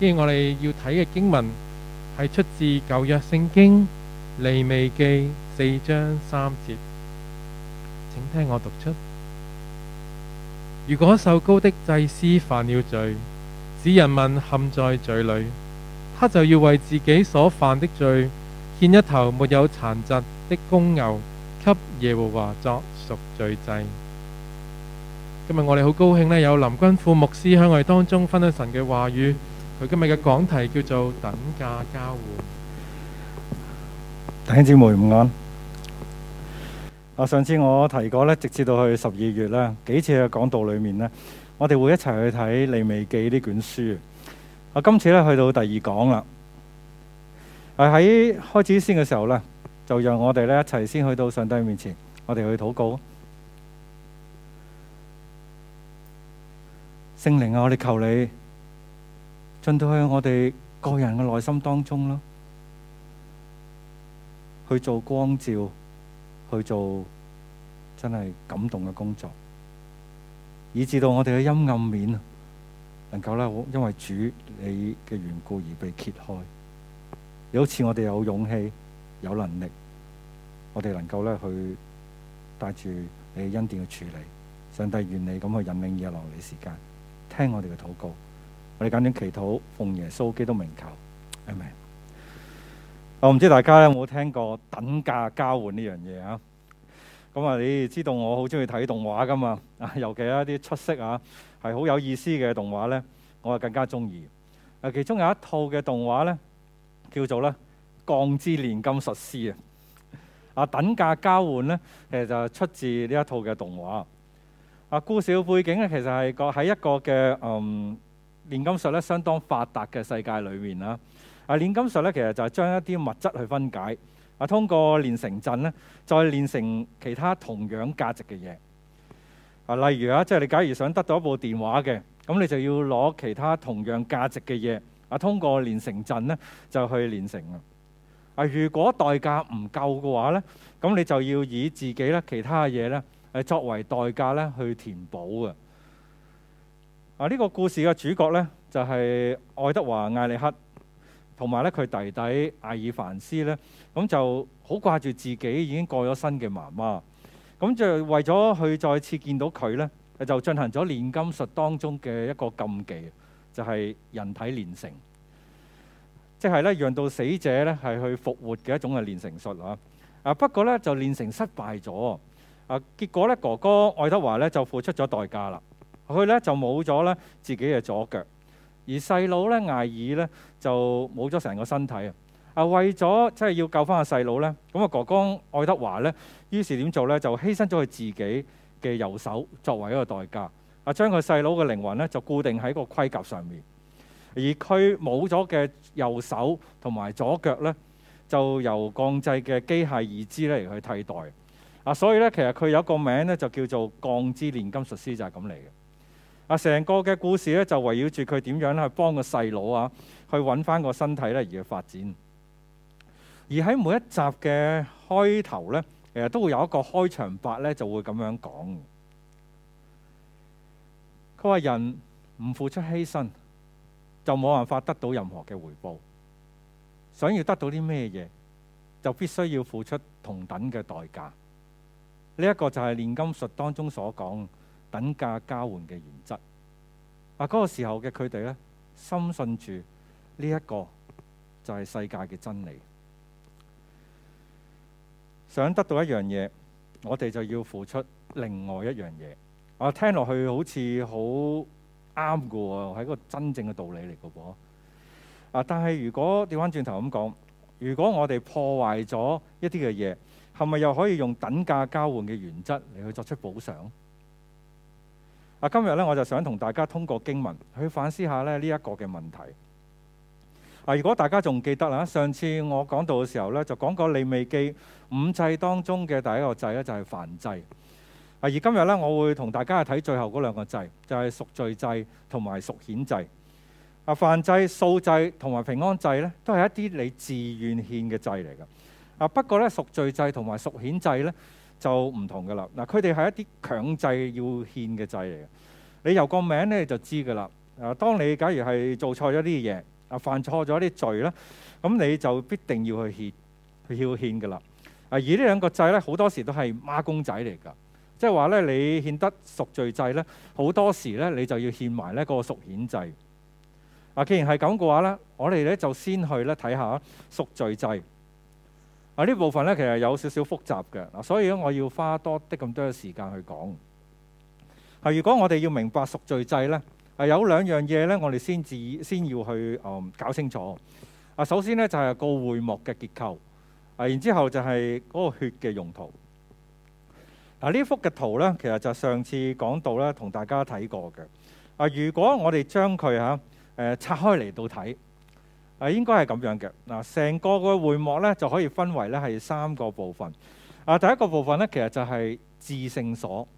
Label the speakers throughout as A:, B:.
A: 今日我哋要睇嘅經文係出自舊約聖經利未記四章三節，請聽我讀出：如果受膏的祭司犯了罪，使人民陷在罪裏，他就要為自己所犯的罪獻一頭沒有殘疾的公牛，給耶和華作贖罪祭。今日我哋好高興呢，有林君富牧師喺我哋當中分享神嘅話語。佢今日嘅講題叫做等價交換，弟兄姊妹午安。啊，上次我提過呢，直至到去十二月呢，幾次嘅講道裏面呢，我哋會一齊去睇《利未記》呢卷書。啊，今次呢去到第二講啦。啊，喺開始先嘅時候呢，就讓我哋呢一齊先去到上帝面前，我哋去禱告。聖靈啊，我哋求你。進到去我哋個人嘅內心當中咯，去做光照，去做真係感動嘅工作，以至到我哋嘅陰暗面能夠咧，因為主你嘅緣故而被揭開。有好似我哋有勇氣、有能力，我哋能夠咧去帶住你嘅恩典去處理，上帝願你咁去引領而落，你時間聽我哋嘅禱告。我哋簡短祈禱，奉耶穌基督名求，阿們。我唔知大家有冇聽過等價交換呢樣嘢啊？咁啊、嗯，你知道我好中意睇動畫噶嘛？尤其係一啲出色啊，係好有意思嘅動畫呢，我啊更加中意。啊，其中有一套嘅動畫呢，叫做咧《鋼之煉金術師》啊。啊，等價交換呢，其實就出自呢一套嘅動畫。啊，故事背景呢，其實係個喺一個嘅嗯。煉金術咧，相當發達嘅世界裏面啦。啊，煉金術咧，其實就係將一啲物質去分解，啊，通過煉成陣咧，再煉成其他同樣價值嘅嘢。啊，例如啊，即係你假如想得到一部電話嘅，咁你就要攞其他同樣價值嘅嘢，啊，通過煉成陣咧，就去煉成啊。如果代價唔夠嘅話咧，咁你就要以自己咧、其他嘢咧，誒作為代價咧去填補嘅。啊！呢個故事嘅主角呢，就係愛德華艾利克，同埋咧佢弟弟艾爾凡斯呢，咁就好掛住自己已經過咗身嘅媽媽，咁就為咗去再次見到佢呢，就進行咗煉金術當中嘅一個禁忌，就係人體煉成，即係呢讓到死者呢係去復活嘅一種嘅煉成術啊！啊不過呢，就煉成失敗咗，啊結果呢，哥哥愛德華呢就付出咗代價啦。佢咧就冇咗咧自己嘅左腳，而細佬咧艾爾咧就冇咗成個身體啊！啊，為咗即係要救翻個細佬咧，咁啊，哥哥愛德華咧，於是點做咧？就犧牲咗佢自己嘅右手作為一個代價啊，將佢細佬嘅靈魂咧就固定喺個盔甲上面，而佢冇咗嘅右手同埋左腳咧，就由鋼製嘅機械義肢咧嚟去替代啊。所以咧，其實佢有一個名咧就叫做鋼之煉金術師，就係咁嚟嘅。啊！成個嘅故事咧，就圍繞住佢點樣去幫個細佬啊，去揾翻個身體咧而去發展。而喺每一集嘅開頭呢，其實都會有一個開場白呢，就會咁樣講。佢話：人唔付出犧牲，就冇辦法得到任何嘅回報。想要得到啲咩嘢，就必須要付出同等嘅代價。呢一個就係煉金術當中所講等價交換嘅原則啊，嗰、嗰個時候嘅佢哋咧，深信住呢一個就係世界嘅真理。想得到一樣嘢，我哋就要付出另外一樣嘢。我、啊、聽落去好似好啱嘅喎，係一個真正嘅道理嚟嘅噃。但係如果調翻轉頭咁講，如果我哋破壞咗一啲嘅嘢，係咪又可以用等價交換嘅原則嚟去作出補償？嗱，今日呢，我就想同大家通過經文去反思一下咧呢一個嘅問題。嗱、啊，如果大家仲記得啦，上次我講到嘅時候呢，就講過利未記五祭當中嘅第一個祭呢，就係燔祭。啊，而今日呢，我會同大家去睇最後嗰兩個祭，就係、是、贖罪祭同埋贖愆祭。啊，燔祭、素祭同埋平安祭呢，都係一啲你自願獻嘅祭嚟嘅。啊，不過呢，贖罪祭同埋贖愆祭呢。就唔同㗎喇，嗱，佢哋係一啲強制要獻嘅祭嚟嘅。你由個名咧就知㗎喇。啊，當你假如係做錯咗啲嘢，啊犯錯咗啲罪咧，咁你就必定要去獻去要獻㗎喇。啊，而呢兩個祭咧，好多時都係孖公仔嚟㗎，即係話咧你獻得贖罪祭咧，好多時咧你就要獻埋呢個贖愆祭。啊，既然係咁嘅話咧，我哋咧就先去咧睇下贖罪祭。嗱呢、啊、部分呢，其實有少少複雜嘅，嗱，所以咧我要花多啲咁多嘅時間去講。係、啊、如果我哋要明白贖罪制呢，係、啊、有兩樣嘢呢，我哋先至先要去、嗯、搞清楚。啊，首先呢，就係、是、個會幕嘅結構，啊，然之後就係嗰個血嘅用途。嗱、啊、呢幅嘅圖呢，其實就是上次講到咧，同大家睇過嘅。啊，如果我哋將佢嚇拆開嚟到睇。啊，應該係咁樣嘅嗱，成個個會幕呢，就可以分為呢係三個部分。啊，第一個部分呢，其實就係至聖所，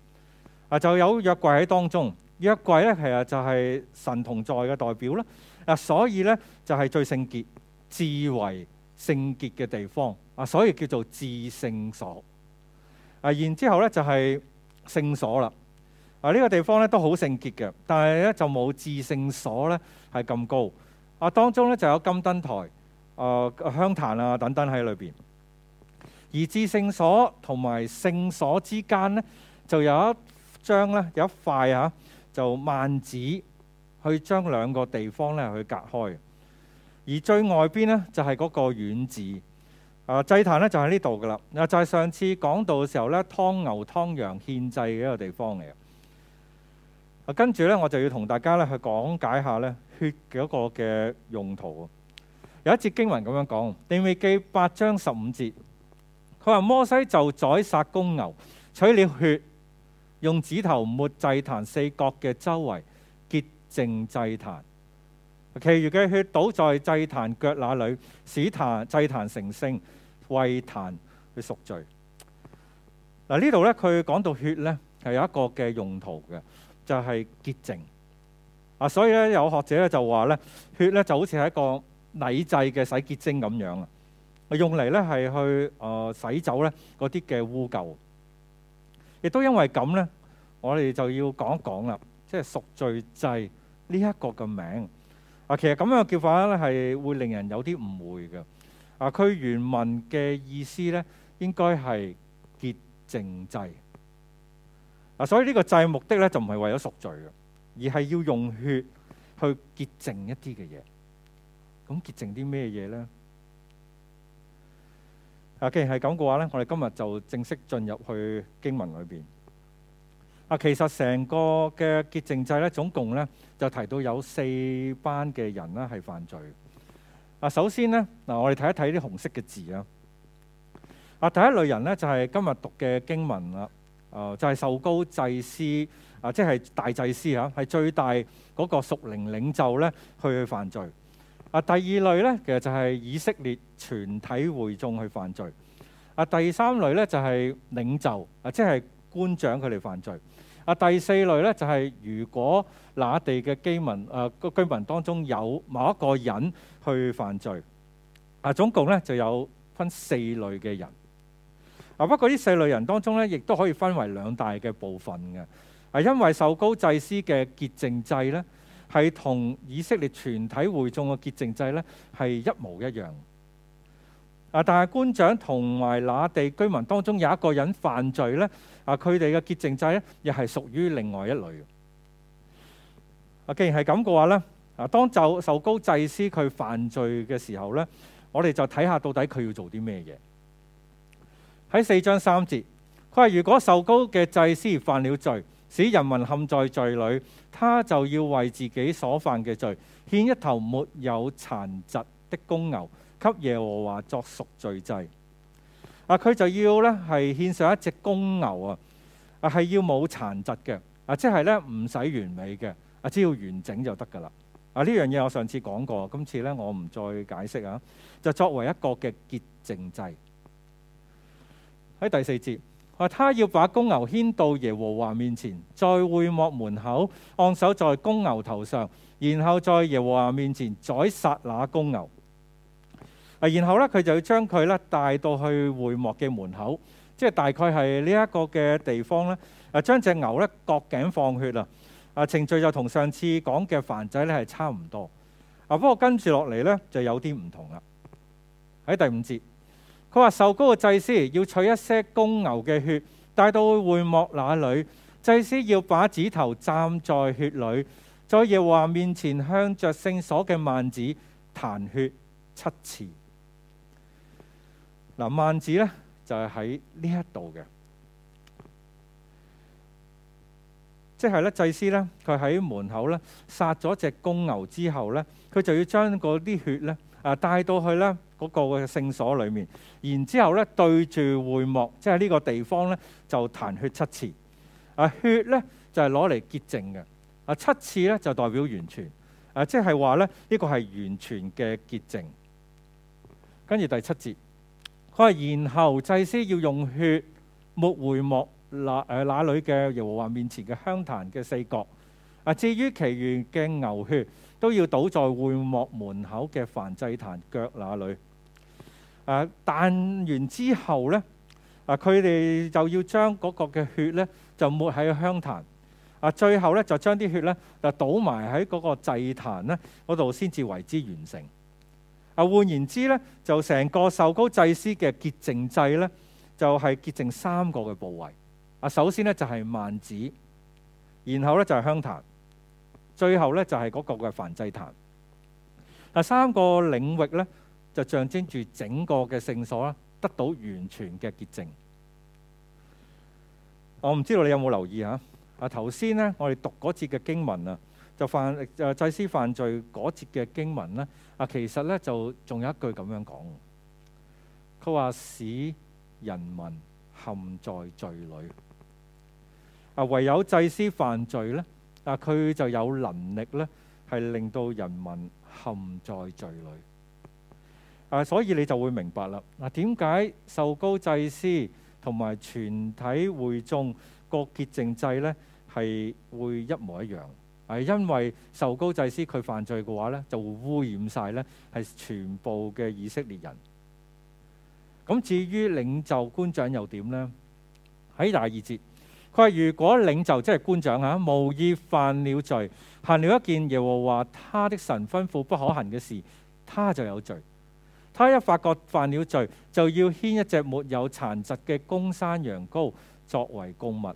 A: 啊，就有約櫃喺當中，約櫃呢，其實就係神同在嘅代表啦。啊，所以呢，就係最聖潔、至為聖潔嘅地方啊，所以叫做至聖所。啊，然之後呢，就係聖所啦。啊，呢個地方呢，都好聖潔嘅，但係呢，就冇至聖所呢，係咁高。啊，當中咧就有金燈台、啊、呃、香壇啊等等喺裏邊。而至聖所同埋聖所之間咧，就有一張咧，有一塊啊，就幔子去將兩個地方咧去隔開。而最外邊咧，就係、是、嗰個院子、呃、祭壇咧，就喺呢度噶啦。嗱，就係上次講到嘅時候呢，劏牛劏羊獻祭嘅一個地方嚟嘅。跟住呢，我就要同大家咧去講解一下咧血嗰個嘅用途。有一節經文咁樣講，《利未記》八章十五節，佢話摩西就宰殺公牛，取了血，用指頭抹祭壇四角嘅周圍，潔淨祭壇。其餘嘅血倒在祭壇腳那裏，使壇祭壇成聖，為壇去贖，贖罪。嗱呢度呢，佢講到血呢，係有一個嘅用途嘅。就係潔淨啊！所以咧，有學者咧就話咧，血咧就好似係一個禮制嘅洗潔精咁樣啊！我用嚟咧係去啊洗走咧嗰啲嘅污垢，亦都因為咁咧，我哋就要講一講啦，即係贖罪祭呢一個嘅名啊！其實咁樣嘅叫法咧係會令人有啲誤會嘅啊！佢原文嘅意思咧應該係潔淨祭。嗱，所以呢個祭目的呢，就唔係為咗贖罪嘅，而係要用血去潔淨一啲嘅嘢。咁潔淨啲咩嘢呢？啊，既然係咁嘅話呢，我哋今日就正式進入去經文裏邊。啊，其實成個嘅潔淨祭呢，總共呢就提到有四班嘅人啦，係犯罪。啊，首先呢，嗱，我哋睇一睇啲紅色嘅字啊。啊，第一類人呢，就係今日讀嘅經文啦。啊、哦，就係、是、受高祭司啊，即係大祭司啊，係最大嗰個屬靈領袖咧去犯罪啊。第二類呢，其實就係以色列全體會眾去犯罪啊。第三類呢，就係、是、領袖啊，即係官長佢哋犯罪啊。第四類呢，就係、是、如果那地嘅居民啊，居民當中有某一個人去犯罪啊，總共呢就有分四類嘅人。嗱，不過呢四類人當中呢，亦都可以分為兩大嘅部分嘅。係因為受膏祭司嘅潔淨祭呢，係同以色列全體會眾嘅潔淨祭呢，係一模一樣。啊，但係官長同埋那地居民當中有一個人犯罪呢，啊，佢哋嘅潔淨祭呢，亦係屬於另外一類嘅。既然係咁嘅話呢，啊，當就受膏祭司佢犯罪嘅時候呢，我哋就睇下到底佢要做啲咩嘢。喺四章三節，佢話：如果受膏嘅祭司犯了罪，使人民陷在罪裏，他就要為自己所犯嘅罪，獻一頭沒有殘疾的公牛，給耶和華作贖罪祭。啊，佢就要咧係獻上一隻公牛啊，啊係要冇殘疾嘅，啊即係咧唔使完美嘅，啊只要完整就得㗎啦。啊呢樣嘢我上次講過，今次呢我唔再解釋啊，就作為一個嘅潔淨祭。喺第四節，話、啊、他要把公牛牽到耶和華面前，在會幕門口按手在公牛頭上，然後在耶和華面前宰殺那公牛。啊，然後呢，佢就要將佢咧帶到去會幕嘅門口，即係大概係呢一個嘅地方咧。啊，將隻牛咧割頸放血啊。啊，程序就同上次講嘅凡仔咧係差唔多。啊，不過跟住落嚟呢，就有啲唔同啦。喺第五節。佢話：受膏嘅祭司要取一些公牛嘅血，帶到會幕那裡。祭司要把指頭蘸在血裏，在耶和華面前向着聖所嘅幔子彈血七次。嗱、啊，幔子呢就係喺呢一度嘅，即係呢祭司咧，佢喺門口呢殺咗隻公牛之後呢，佢就要將嗰啲血呢。啊，帶到去呢嗰個嘅聖所裏面，然之後呢對住會幕，即係呢個地方呢，就彈血七次。啊，血呢就係攞嚟潔淨嘅。啊，七次呢就代表完全。啊，即係話呢，呢個係完全嘅潔淨。跟住第七節，佢話：然後祭司要用血抹會幕那誒那裏嘅耶和華面前嘅香壇嘅四角。啊，至於其餘嘅牛血。都要倒在會幕門口嘅燔祭壇腳那裏。啊，彈完之後呢，啊，佢哋就要將嗰個嘅血呢就抹喺香壇。啊，最後呢，就將啲血呢就倒埋喺嗰個祭壇呢嗰度，先至為之完成。啊，換言之呢，就成個受膏祭司嘅潔淨祭呢，就係潔淨三個嘅部位。啊，首先呢，就係幔子，然後呢，就係、是、香壇。最後呢，就係嗰個嘅燔祭壇。嗱，三個領域呢，就象徵住整個嘅聖所啦，得到完全嘅潔淨。我唔知道你有冇留意嚇。啊，頭先呢，我哋讀嗰節嘅經文啊，就犯誒，祭司犯罪嗰節嘅經文呢，啊，其實呢，就仲有一句咁樣講，佢話使人民陷在罪裏。啊，唯有祭司犯罪呢。嗱，佢就有能力呢，係令到人民陷在罪裏。啊，所以你就會明白啦。嗱，點解受膏祭司同埋全體會眾嘅潔淨祭呢，係會一模一樣？係因為受膏祭司佢犯罪嘅話呢，就會污染曬呢，係全部嘅以色列人。咁至於領袖官長又點呢？喺第二節。佢話：如果領袖即係官長啊，無意犯了罪，行了一件耶和華他的神吩咐不可行嘅事，他就有罪。他一發覺犯了罪，就要牽一隻沒有殘疾嘅公山羊羔作為供物。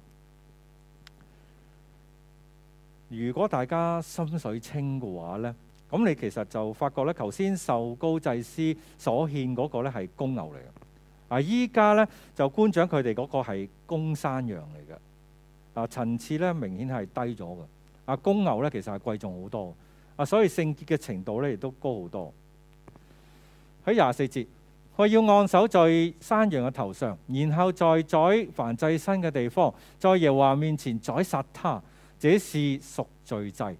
A: 如果大家心水清嘅話呢，咁你其實就發覺呢頭先受膏祭司所獻嗰個呢係公牛嚟嘅，啊依家呢，就官長佢哋嗰個係公山羊嚟嘅。啊，層次咧明顯係低咗嘅。啊，公牛咧其實係貴重好多，啊，所以聖潔嘅程度咧亦都高好多在。喺廿四節，佢要按手在山羊嘅頭上，然後再宰凡祭身嘅地方，在耶和華面前宰殺他，這是贖罪祭。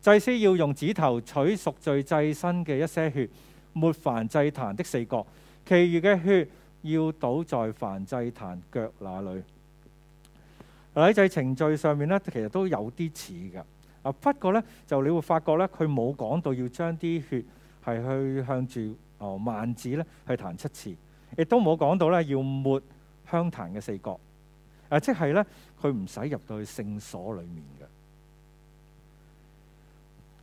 A: 祭司要用指頭取贖罪祭身嘅一些血，抹凡祭壇的四角，其餘嘅血要倒在凡祭壇腳那裡。禮制程序上面呢，其實都有啲似嘅啊。不過呢，就你會發覺呢，佢冇講到要將啲血係去向住哦幔子呢去彈七次，亦都冇講到呢要抹香壇嘅四角、啊、即係呢，佢唔使入到去聖所裡面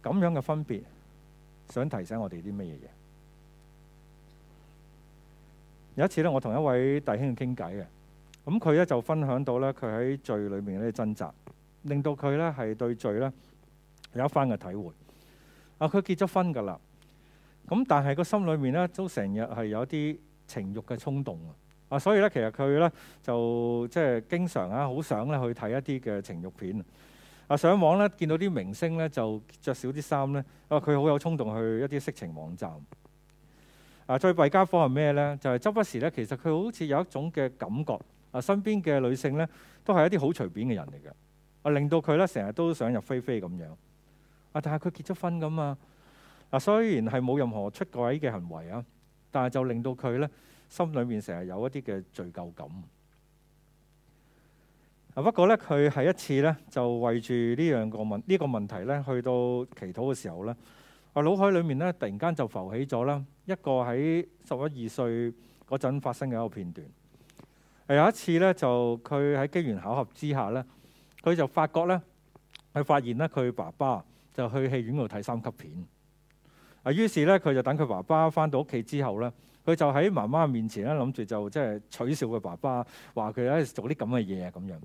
A: 嘅。咁樣嘅分別，想提醒我哋啲乜嘢嘢？有一次呢，我同一位弟兄傾偈嘅。咁佢咧就分享到咧，佢喺罪裏面嘅掙扎，令到佢咧係對罪咧有一番嘅體會啊。佢結咗婚㗎啦，咁但係個心裏面咧都成日係有啲情慾嘅衝動啊。啊，所以咧其實佢咧就即係經常啊，好想咧去睇一啲嘅情慾片啊。上網咧見到啲明星咧就着少啲衫咧，啊，佢好有衝動去一啲色情網站啊。最弊家伙係咩咧？就係周不時咧，其實佢好似有一種嘅感覺。啊，身邊嘅女性呢，都係一啲好隨便嘅人嚟嘅，啊，令到佢呢成日都想入非非咁樣，啊，但係佢結咗婚噶嘛，啊，雖然係冇任何出軌嘅行為啊，但係就令到佢呢心裏面成日有一啲嘅罪疚感。啊，不過呢，佢喺一次呢就為住呢樣個問呢個問題呢，去到祈禱嘅時候呢，啊，腦海裡面呢突然間就浮起咗啦一個喺十一二歲嗰陣發生嘅一個片段。有一次咧，就佢喺機緣巧合之下咧，佢就發覺咧，佢發現咧，佢爸爸就去戲院度睇三級片。啊，於是咧，佢就等佢爸爸翻到屋企之後咧，佢就喺媽媽面前咧，諗住就即係取笑佢爸爸，話佢喺度做啲咁嘅嘢啊，咁樣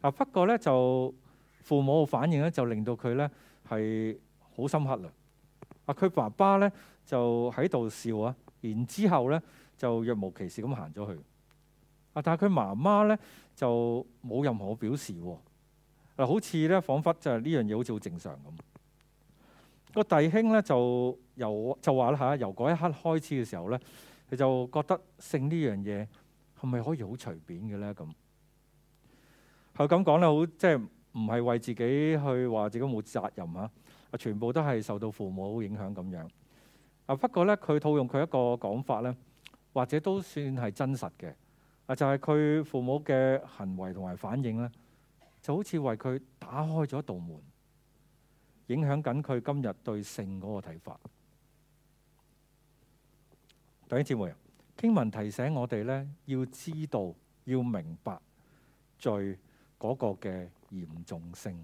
A: 啊。不過咧，就父母嘅反應咧，就令到佢咧係好深刻啦。啊，佢爸爸咧就喺度笑啊，然之後咧就若無其事咁行咗去。啊！但係佢媽媽咧就冇任何表示嗱，好似咧，彷彿就係呢樣嘢，好似好正常咁。個弟兄咧就由就話咧嚇，由嗰一刻開始嘅時候咧，佢就覺得性呢樣嘢係咪可以好隨便嘅咧？咁係咁講咧，好即係唔係為自己去話自己冇責任啊？啊，全部都係受到父母影響咁樣啊。不過咧，佢套用佢一個講法咧，或者都算係真實嘅。啊，就係佢父母嘅行為同埋反應呢就好似為佢打開咗道門，影響緊佢今日對性嗰個睇法。各位姊妹，經文提醒我哋呢要知道要明白罪嗰個嘅嚴重性。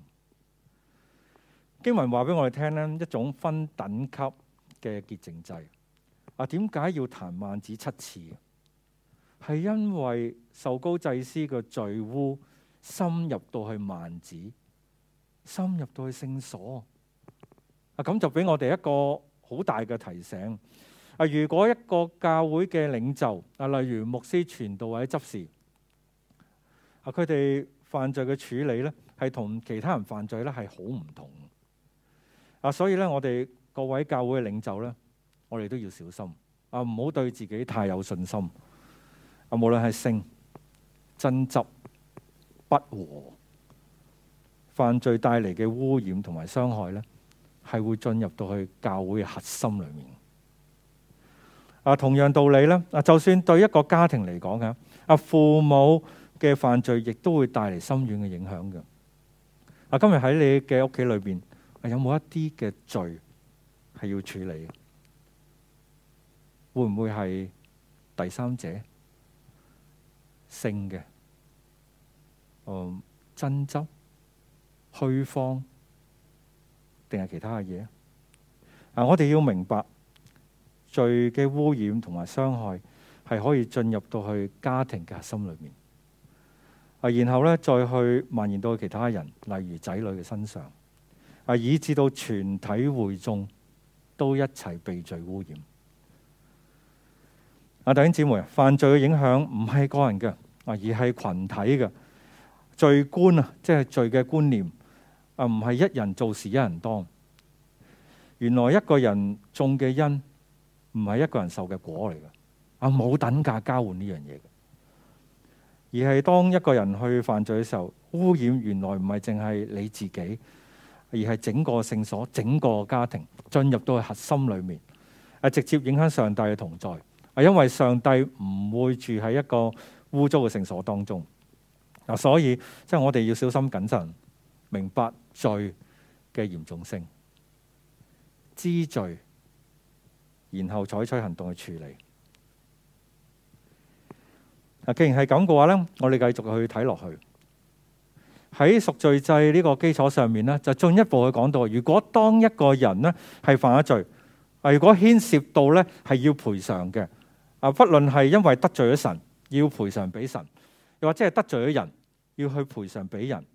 A: 經文話俾我哋聽呢一種分等級嘅潔淨制。啊，點解要彈萬子七次？係因為受高祭司嘅罪污深入到去幔子，深入到去聖所啊，咁就俾我哋一個好大嘅提醒啊。如果一個教會嘅領袖啊，例如牧師、傳道或者執事啊，佢哋犯罪嘅處理呢，係同其他人犯罪呢係好唔同啊。所以呢，我哋各位教會嘅領袖呢，我哋都要小心啊，唔好對自己太有信心。啊！無論係性、爭執、不和、犯罪帶嚟嘅污染同埋傷害呢，係會進入到去教會嘅核心裏面。啊，同樣道理咧，啊，就算對一個家庭嚟講嘅，啊，父母嘅犯罪亦都會帶嚟深遠嘅影響嘅。啊，今日喺你嘅屋企裏邊，有冇一啲嘅罪係要處理嘅？會唔會係第三者？性嘅，真、嗯、爭執、虛方，定係其他嘅嘢。啊，我哋要明白罪嘅污染同埋傷害係可以進入到去家庭嘅核心裏面，啊，然後呢，再去蔓延到其他人，例如仔女嘅身上，啊，以至到全體會眾都一齊被罪污染。啊，弟兄姊妹，犯罪嘅影響唔係個人嘅啊，而係群體嘅罪觀啊，即係罪嘅觀念啊，唔係一人做事一人當。原來一個人種嘅因唔係一個人受嘅果嚟嘅啊，冇等價交換呢樣嘢，而係當一個人去犯罪嘅時候，污染原來唔係淨係你自己，而係整個聖所、整個家庭進入到核心裏面啊，直接影響上帝嘅同在。因為上帝唔會住喺一個污糟嘅聖所當中，嗱，所以即係我哋要小心謹慎，明白罪嘅嚴重性，知罪，然後採取行動去處理。既然係咁嘅話呢，我哋繼續去睇落去喺贖罪祭呢個基礎上面呢，就進一步去講到，如果當一個人咧係犯咗罪，啊，如果牽涉到呢係要賠償嘅。啊，不論係因為得罪咗神要賠償俾神，又或者係得罪咗人要去賠償俾人，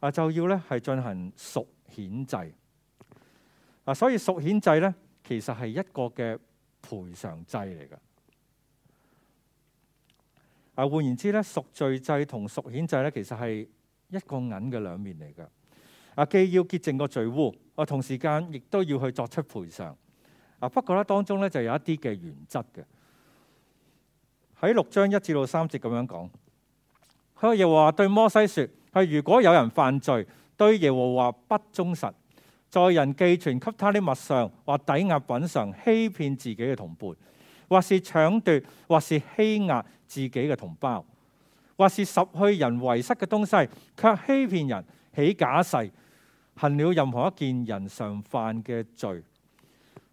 A: 啊就要咧係進行贖愆祭。啊，所以贖愆祭咧其實係一個嘅賠償祭嚟嘅。啊，換言之咧贖罪祭同贖愆祭咧其實係一個銀嘅兩面嚟嘅。啊，既要潔淨個罪污，啊同時間亦都要去作出賠償。啊，不過咧當中咧就有一啲嘅原則嘅。喺六章一至到三節咁樣講，佢又話對摩西説：係如果有人犯罪，對耶和華不忠實，在人寄存給他的物上或抵押品上欺騙自己嘅同伴，或是搶奪，或是欺壓自己嘅同胞，或是拾去人遺失嘅東西，卻欺騙人起假誓，行了任何一件人常犯嘅罪。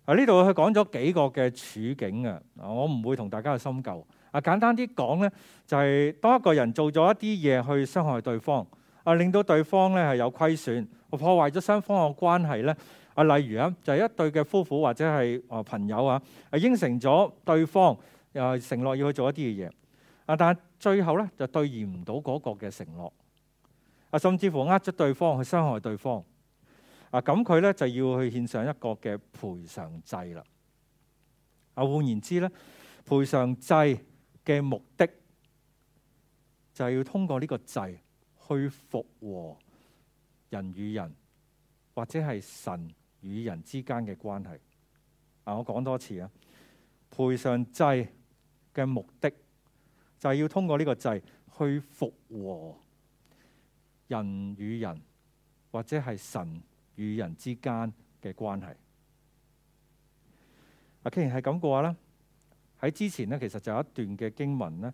A: 啊，呢度佢講咗幾個嘅處境啊，我唔會同大家去深究。啊，簡單啲講呢就係當一個人做咗一啲嘢去傷害對方，啊令到對方呢係有虧損，破壞咗雙方嘅關係呢啊，例如啊，就係一對嘅夫婦或者係朋友啊，應承咗對方啊承諾要去做一啲嘅嘢，啊但係最後呢就兌現唔到嗰個嘅承諾，啊甚至乎呃咗對方去傷害對方，啊咁佢呢就要去獻上一個嘅賠償制啦。啊換言之呢賠償制。嘅目，就是，目的就係要通過呢個祭去復和人與人或者係神與人之間嘅關係。啊，我講多次啊，賠償祭嘅目的就係要通過呢個祭去復和人與人或者係神與人之間嘅關係。啊，既然係咁嘅話咧。喺之前呢，其實就有一段嘅經文呢，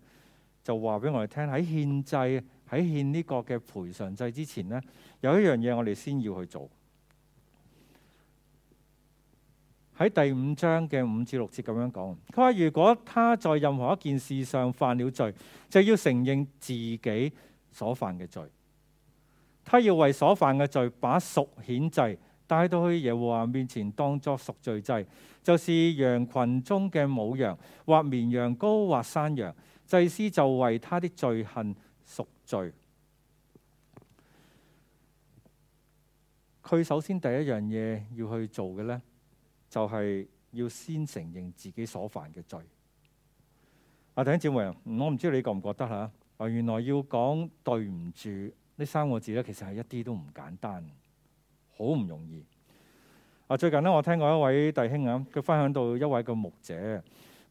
A: 就話俾我哋聽，喺獻祭，喺獻呢個嘅賠償祭之前呢，有一樣嘢我哋先要去做。喺第五章嘅五至六節咁樣講，佢話：如果他在任何一件事上犯了罪，就要承認自己所犯嘅罪，他要為所犯嘅罪把贖愆祭，帶到去耶和華面前當作贖罪祭，就是羊群中嘅母羊或綿羊羔或山羊，祭司就為他的罪恨贖罪。佢首先第一樣嘢要去做嘅呢，就係、是、要先承認自己所犯嘅罪。阿弟兄姊妹，我唔知你覺唔覺得吓、啊，原來要講對唔住呢三個字呢，其實係一啲都唔簡單。好唔容易啊！最近咧我聽過一位弟兄啊，佢分享到一位個牧者，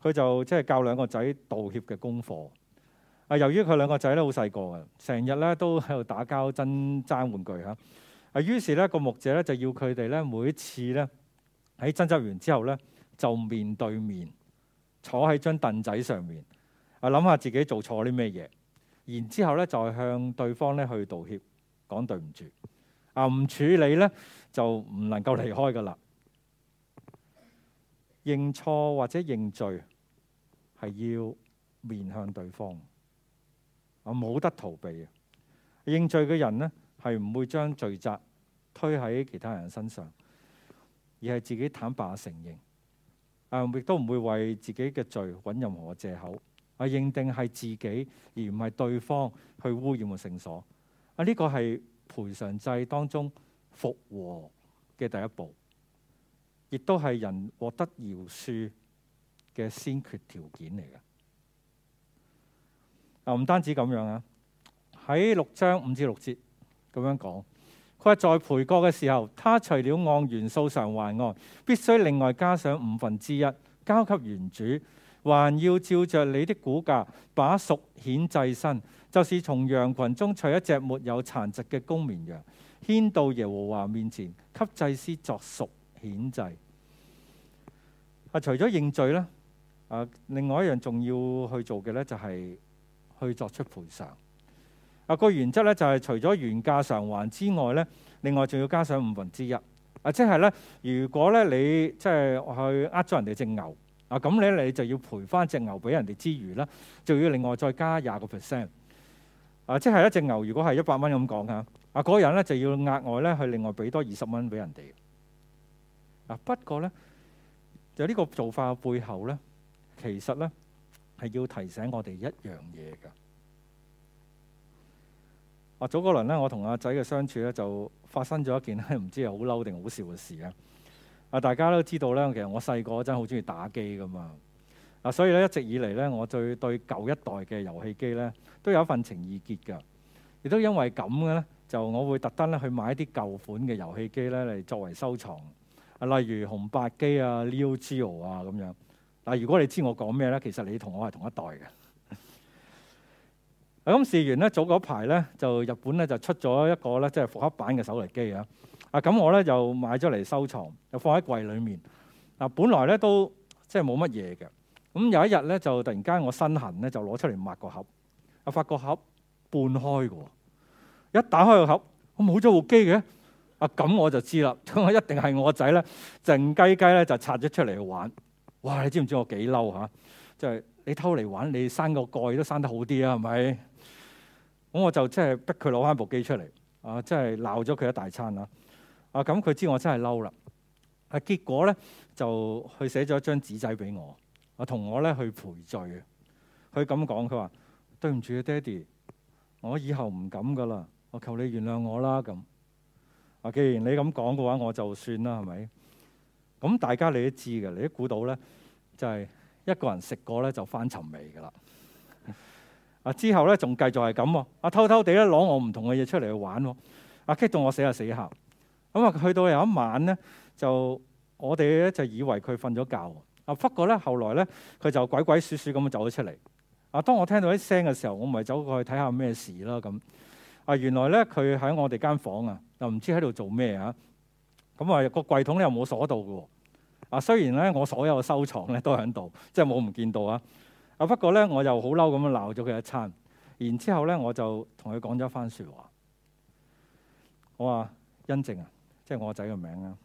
A: 佢就即係教兩個仔道歉嘅功課啊。由於佢兩個仔咧好細個嘅，成日咧都喺度打交爭爭玩具嚇啊。於是咧個牧者咧就要佢哋咧每次咧喺爭執完之後咧就面對面坐喺張凳仔上面啊，諗下自己做錯啲咩嘢，然之後咧就向對方咧去道歉，講對唔住。唔處理呢，就唔能夠離開噶啦。認錯或者認罪，係要面向對方，我冇得逃避。認罪嘅人呢，係唔會將罪責推喺其他人身上，而係自己坦白承認。啊，亦都唔會為自己嘅罪搵任何借口。啊，認定係自己而唔係對方去污染個聖所。啊，呢個係賠償制當中復和嘅第一步，亦都係人獲得饒恕嘅先決條件嚟嘅。啊，唔單止咁樣啊，喺六章五至六節咁樣講，佢話在賠過嘅時候，他除了按原數償還外，必須另外加上五分之一交給原主，還要照着你的估價把贖愆祭牲。就是從羊群中取一隻沒有殘疾嘅公綿羊，牽到耶和華面前，給祭司作贖愆祭。啊，除咗認罪呢，啊，另外一樣重要去做嘅呢，就係去作出賠償。啊，個原則呢，就係、是、除咗原價償還之外呢，另外仲要加上五分之一。啊，即係呢，如果咧你即係、就是、去呃咗人哋隻牛啊，咁咧你就要賠翻隻牛俾人哋之餘呢，仲要另外再加廿個 percent。啊，即係一隻牛，如果係一百蚊咁講嘅，啊嗰人呢就要額外呢去另外俾多二十蚊俾人哋。不過呢，就呢個做法嘅背後呢，其實呢係要提醒我哋一樣嘢㗎。啊早嗰輪咧，我同阿仔嘅相處呢，就發生咗一件唔知係好嬲定好笑嘅事啊！啊大家都知道咧，其實我細個嗰陣好鍾意打機噶嘛。嗱，所以咧一直以嚟咧，我對對舊一代嘅遊戲機咧都有一份情意結㗎。亦都因為咁嘅咧，就我會特登咧去買啲舊款嘅遊戲機咧嚟作為收藏。例如紅白機啊、Neo Geo 啊咁樣。嗱，如果你知我講咩咧，其實你同我係同一代嘅。咁事完咧，早嗰排咧就日本咧就出咗一個咧即係復刻版嘅手提機啊。啊，咁我咧就買咗嚟收藏，又放喺櫃裡面。嗱，本來咧都即係冇乜嘢嘅。咁有一日咧，就突然間我身痕咧，就攞出嚟抹個盒，啊，發個盒半開嘅，一打開個盒，我冇咗部機嘅，啊，咁我就知啦，啊，一定係我仔咧，靜雞雞咧就拆咗出嚟玩，哇！你知唔知我幾嬲嚇？就係、是、你偷嚟玩，你閂個蓋都閂得好啲啊，係咪？咁我就即係逼佢攞翻部機出嚟，啊，即係鬧咗佢一大餐啊，啊，咁佢、啊啊啊、知我真係嬲啦，啊，結果咧就佢寫咗張紙仔俾我。我同我咧去陪罪，佢咁講，佢話，對唔住爹哋，我以後唔敢噶啦，我求你原諒我啦咁。啊，既然你咁講嘅話，我就算啦，係咪？咁大家你都知嘅，你都估到咧，就係一個人食過咧就翻尋味噶啦。啊 之後咧仲繼續係咁，啊偷偷地咧攞我唔同嘅嘢出嚟去玩，啊激到我死下死下。咁啊去到有一晚咧，就我哋咧就以為佢瞓咗覺。啊！不過咧，後來咧，佢就鬼鬼祟祟咁樣走咗出嚟。啊！當我聽到啲聲嘅時候，我咪走過去睇下咩事啦。咁啊，原來咧佢喺我哋間房啊，又唔知喺度做咩啊。咁啊，個櫃桶咧又冇鎖到嘅。啊，雖然咧我所有嘅收藏咧都喺度，即係冇唔見到啊。啊，不過咧我又好嬲咁樣鬧咗佢一餐，然之後咧我就同佢講咗一番説話。我話：恩靜啊，即係我仔嘅名啊。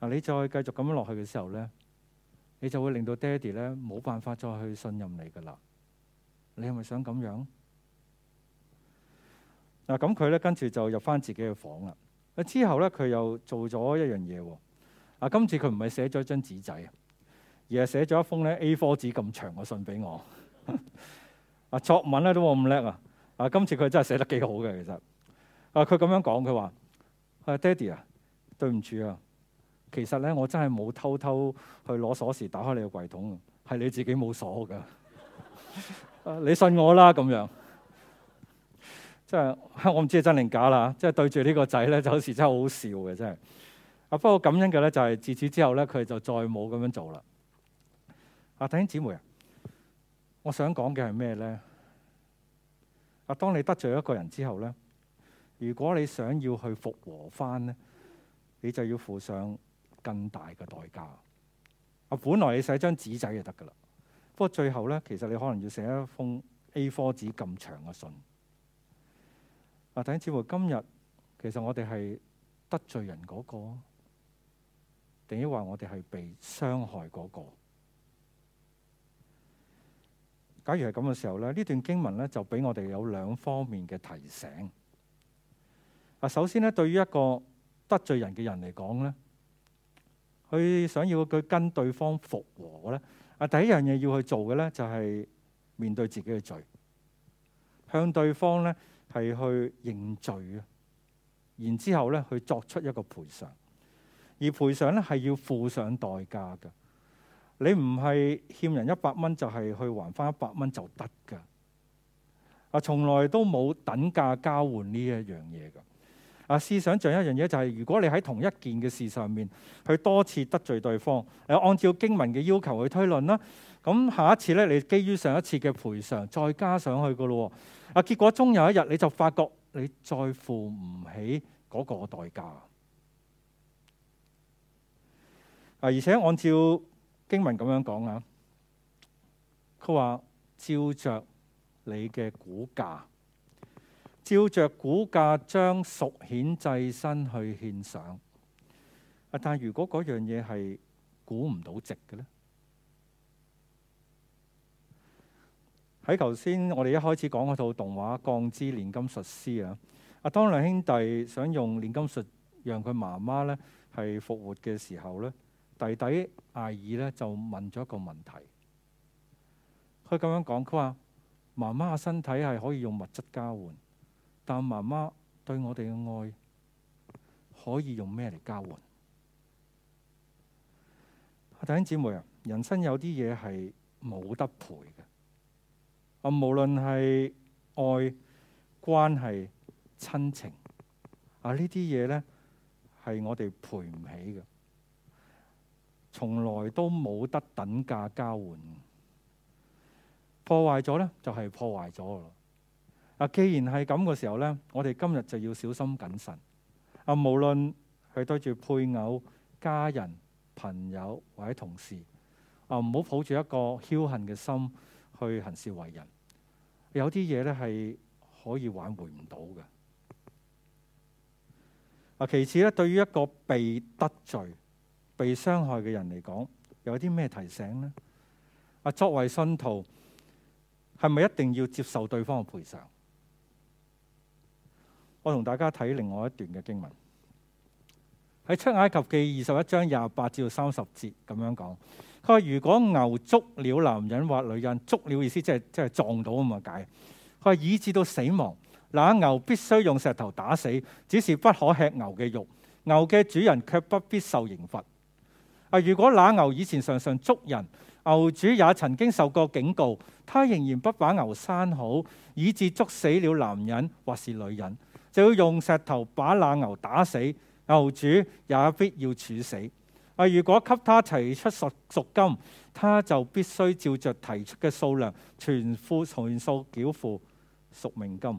A: 啊！你再繼續咁樣落去嘅時候咧，你就會令到爹哋咧冇辦法再去信任你噶啦。你係咪想咁樣？嗱，咁佢咧跟住就入翻自己嘅房啦。之後咧佢又做咗一樣嘢喎。啊，今次佢唔係寫咗張紙仔，而係寫咗一封咧 A4 紙咁長嘅信俾我。啊， 作文咧都冇咁叻啊。啊，今次佢真係寫得幾好嘅其實。啊，佢咁樣講，佢話：啊，爹哋啊，對唔住啊。其實咧，我真係冇偷偷去攞鎖匙打開你個櫃桶，係你自己冇鎖㗎。 你信我啦，咁樣，即係我唔知係真定假啦。即係對住呢個仔咧，就好似真係好笑嘅，真係。啊，不過感恩嘅咧就係自此之後咧，佢就再冇咁樣做啦。啊，弟兄姊妹啊，我想講嘅係咩咧？啊，當你得罪一個人之後咧，如果你想要去復和翻咧，你就要附上更大嘅代價啊！本來你寫一張紙仔就得噶啦，不過最後呢，其實你可能要寫一封 A4 紙咁長嘅信啊！睇似乎今日其實我哋係得罪人嗰個，定抑或我哋係被傷害嗰個？假如係咁嘅時候呢，呢段經文呢就俾我哋有兩方面嘅提醒啊！首先呢，對於一個得罪人嘅人嚟講呢。佢想要佢跟對方復和咧，啊，第一樣嘢要去做嘅咧就係面對自己嘅罪，向對方咧係去認罪啊，然之後咧去作出一個賠償，而賠償咧係要付上代價㗎。你唔係欠人一百蚊就係去還翻一百蚊就得㗎，啊，從來都冇等價交換呢一樣嘢㗎。啊！思想像一樣嘢，就是，就係如果你喺同一件嘅事上面，去多次得罪對方，啊、按照經文嘅要求去推論啦。咁、啊、下一次呢，你基於上一次嘅賠償，再加上去噶咯。啊，結果終有一日，你就發覺你再付唔起嗰個代價。啊，而且按照經文咁樣講啊，佢話照着你嘅估價。照着估價將屬顯祭身去獻上。但如果嗰樣嘢係估唔到值嘅呢？喺頭先我哋一開始講嗰套動畫《降支煉金術師》啊，阿當兩兄弟想用煉金術讓佢媽媽呢係復活嘅時候呢，弟弟艾爾呢就問咗一個問題。佢咁樣講，佢話：媽媽嘅身體係可以用物質交換。但媽媽對我哋嘅愛可以用咩嚟交換？弟兄姊妹啊，人生有啲嘢係冇得賠嘅。啊，無論係愛、關係、親情啊，呢啲嘢呢係我哋賠唔起嘅，從來都冇得等價交換。破壞咗呢，就係破壞咗既然係咁嘅時候呢，我哋今日就要小心謹慎。啊，無論佢對住配偶、家人、朋友或者同事，啊，唔好抱住一個僥倖嘅心去行事為人。有啲嘢呢係可以挽回唔到嘅。啊，其次呢，對於一個被得罪、被傷害嘅人嚟講，有啲咩提醒呢？啊，作為信徒，係咪一定要接受對方嘅賠償？我同大家睇另外一段嘅經文，喺出埃及記二十一章廿八至三十節咁樣講。佢話：如果牛捉了男人或女人，捉了意思即係即係撞到咁啊解。佢話：以致到死亡，那牛必須用石頭打死，只是不可吃牛嘅肉。牛嘅主人卻不必受刑罰。啊，如果那牛以前常常捉人，牛主也曾經受過警告，他仍然不把牛拴好，以致捉死了男人或是女人。就要用石頭把冷牛打死，牛主也必要處死。啊，如果給他提出贖贖金，他就必須照着提出嘅數量全付全數繳付贖命金。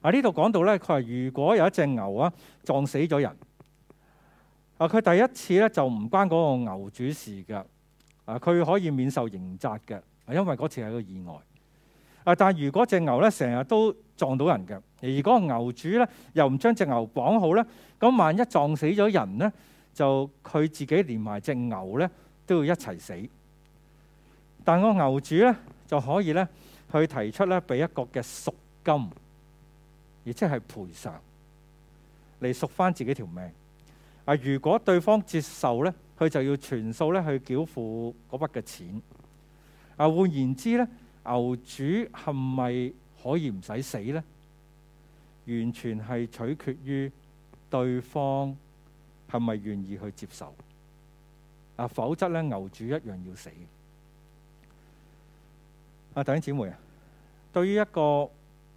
A: 啊，呢度講到呢，佢話如果有一隻牛啊撞死咗人，啊，佢第一次呢就唔關嗰個牛主事嘅，啊，佢可以免受刑責嘅，因為嗰次係個意外。啊！但係如果隻牛咧，成日都撞到人嘅，而如果牛主咧，又唔將隻牛綁好咧，咁萬一撞死咗人咧，就佢自己連埋隻牛咧都要一齊死。但個牛主咧，就可以咧去提出咧俾一個嘅贖金，亦即係賠償嚟贖翻自己條命。啊！如果對方接受咧，佢就要全數咧去繳付嗰筆嘅錢。啊，換言之咧。牛主係咪可以唔使死呢？完全係取決於對方係咪願意去接受啊。否則牛主一樣要死。啊，弟兄姊妹啊，對於一個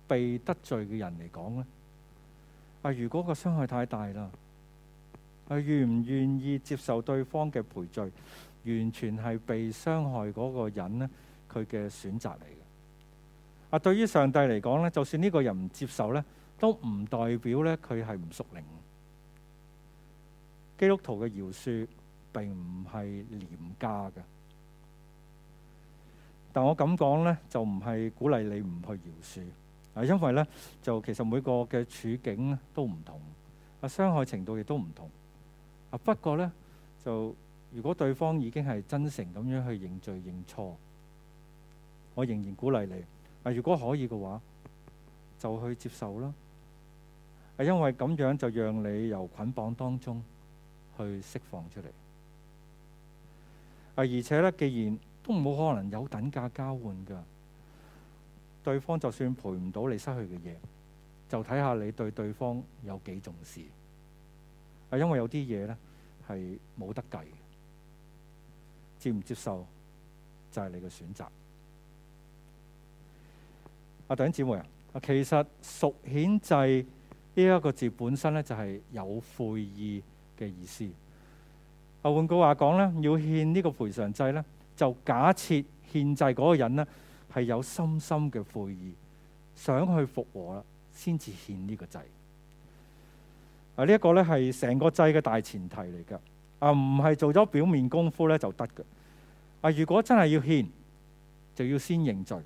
A: 被得罪嘅人嚟講啊，如果個傷害太大啦，啊，願唔願意接受對方嘅賠罪？完全係被傷害嗰個人呢？佢嘅選擇嚟嘅啊，對於上帝嚟講呢，就算呢個人唔接受呢，都唔代表呢佢係唔屬靈。基督徒嘅饒恕並唔係廉價嘅。但我咁講呢，就唔係鼓勵你唔去饒恕啊，因為呢，就其實每個嘅處境都唔同啊，傷害程度亦都唔同。不過呢，就如果對方已經係真誠咁樣去認罪認錯。我仍然鼓勵你。啊，如果可以嘅話，就去接受啦。因為咁樣就讓你由捆綁當中去釋放出嚟。啊，而且呢，既然都冇可能有等價交換㗎，對方就算賠唔到你失去嘅嘢，就睇下你對對方有幾重視。啊，因為有啲嘢呢，係冇得計嘅，接唔接受就係、是、你嘅選擇。啊，弟兄姊妹啊，其實贖愆祭呢一個字本身呢，就係有悔意嘅意思。啊，換句話講呢，要獻呢個賠償祭呢，就假設獻祭嗰個人呢，係有深深嘅悔意，想去復和啦，先至獻呢個祭。啊，呢一個呢，係成個祭嘅大前提嚟㗎。啊，唔係做咗表面功夫呢就得嘅。啊，如果真係要獻，就要先認罪。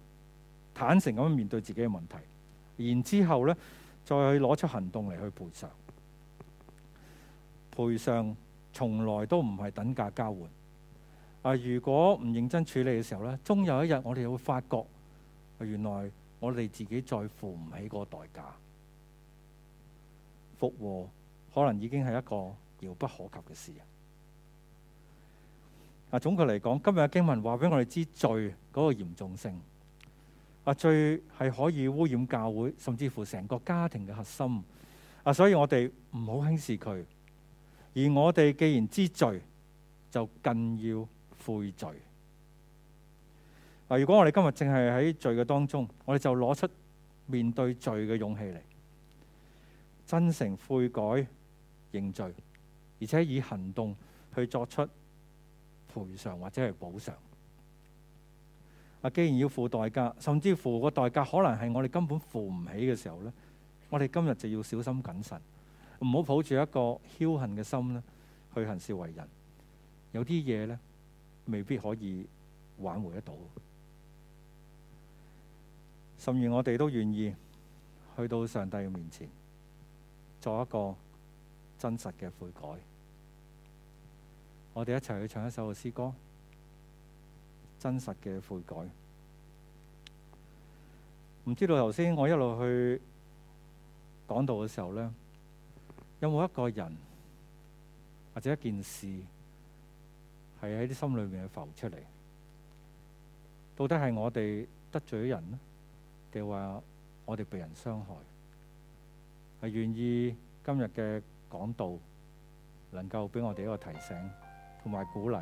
A: 坦誠咁面對自己嘅問題，然之後呢再攞出行動嚟去賠償。賠償從來都唔係等價交換。啊，如果唔認真處理嘅時候呢，終有一日我哋會發覺，原來我哋自己再付唔起個代價，復和可能已經係一個遙不可及嘅事。啊，總括嚟講，今日嘅經文話俾我哋知罪嗰個嚴重性。啊！罪係可以污染教會，甚至乎成個家庭嘅核心。啊！所以我哋唔好輕視佢。而我哋既然知罪，就更要悔罪。啊！如果我哋今日淨係喺罪嘅當中，我哋就攞出面對罪嘅勇氣嚟，真誠悔改認罪，而且以行動去作出賠償或者係補償。啊！既然要付代價，甚至乎個代價可能係我哋根本付唔起嘅時候呢，我哋今日就要小心謹慎，唔好抱住一個僥倖嘅心呢去行事為人。有啲嘢呢未必可以挽回得到。甚至我哋都願意去到上帝嘅面前，做一個真實嘅悔改。我哋一齊去唱一首嘅詩歌。真實嘅悔改，唔知道頭先我一路去講道嘅時候呢，有冇一個人或者一件事係喺啲心裏面浮出嚟？到底係我哋得罪咗人呢，定話我哋被人傷害？係願意今日嘅講道能夠俾我哋一個提醒同埋鼓勵？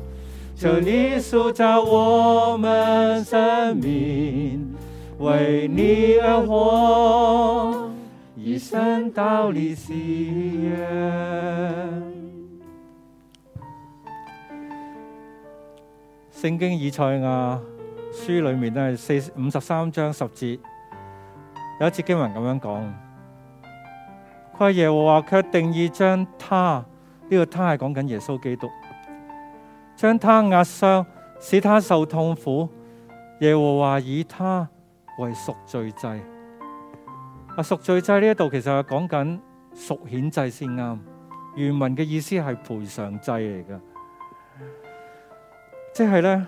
A: 求你塑造我們生命，為你而活，一生到你試。聖經以賽亞書裏面呢，四五十三章十節，有一次經文咁樣講：佢係耶和華卻定意將他，呢、這個他係講緊耶穌基督。將他壓傷，使他受痛苦。耶和華以他為贖罪祭啊，贖罪祭呢一度其實係講緊贖愆祭先啱。原文嘅意思係賠償祭嚟噶，即係咧，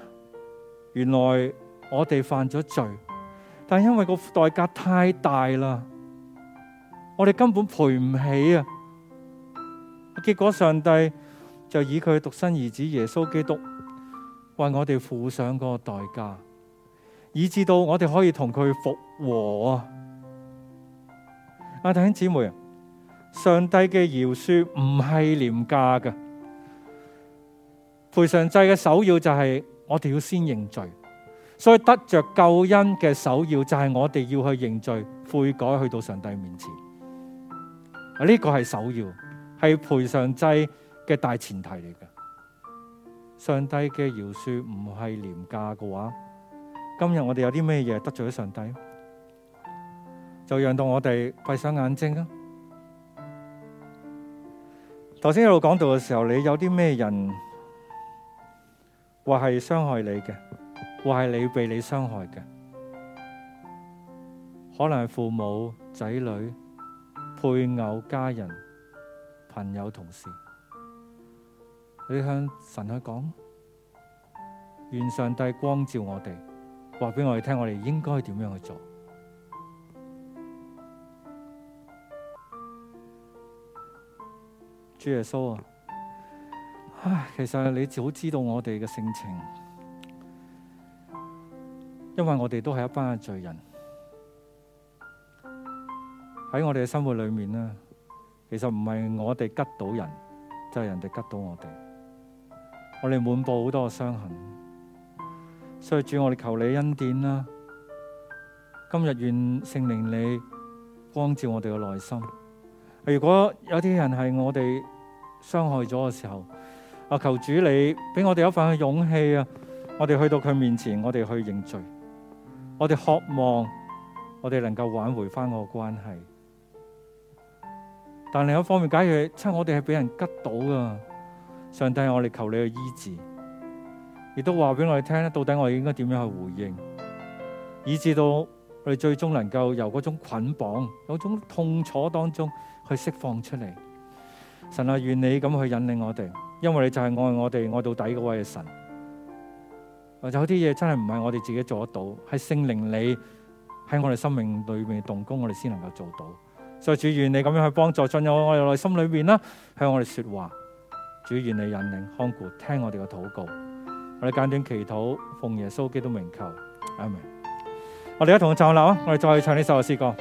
A: 原來我哋犯咗罪，但因為個代價太大啦，我哋根本賠唔起啊！結果上帝，就以佢獨生兒子耶穌基督為我哋付上嗰個代價，以致到我哋可以同佢復和。啊！阿弟兄姊妹，上帝嘅饒恕唔係廉價噶，賠償祭嘅首要就係我哋要先認罪，所以得着救恩嘅首要就係我哋要去認罪悔改，去到上帝面前啊！呢個係首要，係賠償祭，嘅大前提嚟㗎，上帝嘅饒恕唔係廉價嘅話，今日我哋有啲咩嘢得罪咗上帝？就讓到我哋閉上眼睛啊！頭先一路講到嘅時候，你有啲咩人或係傷害你嘅，或係你被你傷害嘅？可能係父母、仔女、配偶、家人、朋友、同事。你向神去講，願上帝光照我哋，話俾我哋聽，我哋應該點樣去做？主耶穌啊，唉，其實你早知道我哋嘅性情，因為我哋都係一班嘅罪人。喺我哋嘅生活裏面咧，其實唔係我哋吉到人，就係人哋吉到我哋。我哋滿布好多嘅傷痕，所以主我哋求你恩典啦。今日願聖靈你光照我哋嘅內心。如果有啲人係我哋傷害咗嘅時候，啊，求主你俾我哋一份嘅勇氣啊！我哋去到佢面前，我哋去認罪，我哋渴望我哋能夠挽回翻我個關係。但另一方面，假如趁我哋係俾人吉到噶。上帝，我哋求你去醫治，亦都話俾我哋聽咧，到底我哋應該點樣去回應，以至到我哋最終能夠由嗰種捆綁、有一種痛楚當中去釋放出嚟。神啊，願你咁去引領我哋，因為你就係愛我哋、愛到底嗰位嘅神。或者有啲嘢真係唔係我哋自己做得到，係聖靈你喺我哋生命裏面動工，我哋先能夠做到。所以主願你咁樣去幫助，進入我哋內心裏面啦，向我哋說話。主願你引領、看顧、聽我哋嘅禱告。我哋簡短祈禱，奉耶穌基督名求，Amen。我哋一同一去唱下啊！我哋再唱呢首詩歌。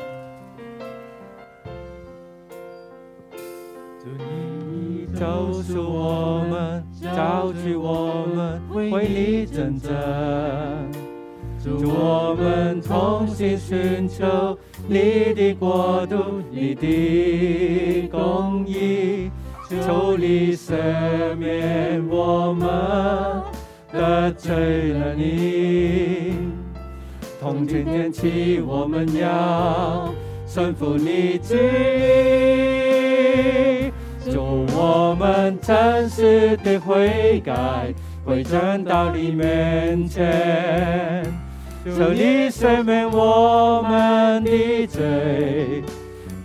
A: 祝你照住我們，照住我們，為你見證。祝我們同心尋求你的國度，你的公義。求你赦免我們，得罪了你。從今天起，我們要順服你。就我們真實的悔改，回轉到你面前。
B: 求你赦
A: 免我們的罪。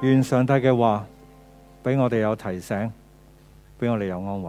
A: 願上帝嘅話俾我哋有提醒，俾我哋有安慰。